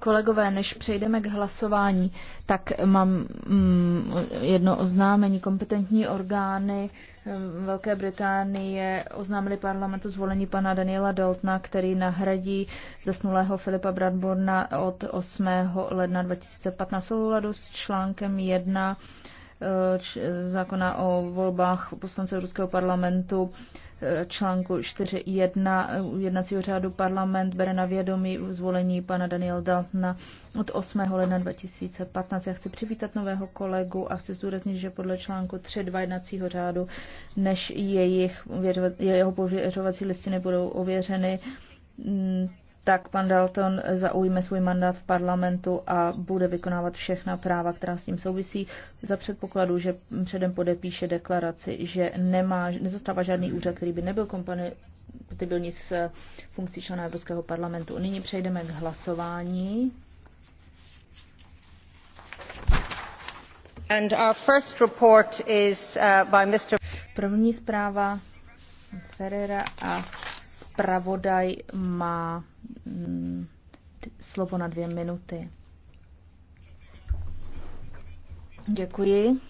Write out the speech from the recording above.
Kolegové, než přejdeme k hlasování, tak mám mm, jedno oznámení. Kompetentní orgány mm, Velké Británie oznámili parlamentu zvolení pana Daniela Daltona, který nahradí zasnulého Filipa Bradborna od 8. ledna 2015 v souladu s článkem 1 Eh, zákona o volbách poslance Ruského parlamentu eh, článku 4.1 eh, jednacího řádu parlament bere na vědomí zvolení pana Daniel Daltna od 8. ledna 2015. Já chci přivítat nového kolegu a chci zdůraznit, že podle článku 3.2 jednacího řádu, než jejich, jeho pověřovací listiny budou ověřeny, mm, tak pan Dalton zaujme svůj mandát v parlamentu a bude vykonávat všechna práva, která s tím souvisí, za předpokladu, že předem podepíše deklaraci, že nemá, nezastává žádný úřad, který by nebyl nic s funkcí člena Evropského parlamentu. Nyní přejdeme k hlasování. And our first report is, uh, by Mr. První zpráva Ferreira a zpravodaj má slovo na dvě minuty. Děkuji.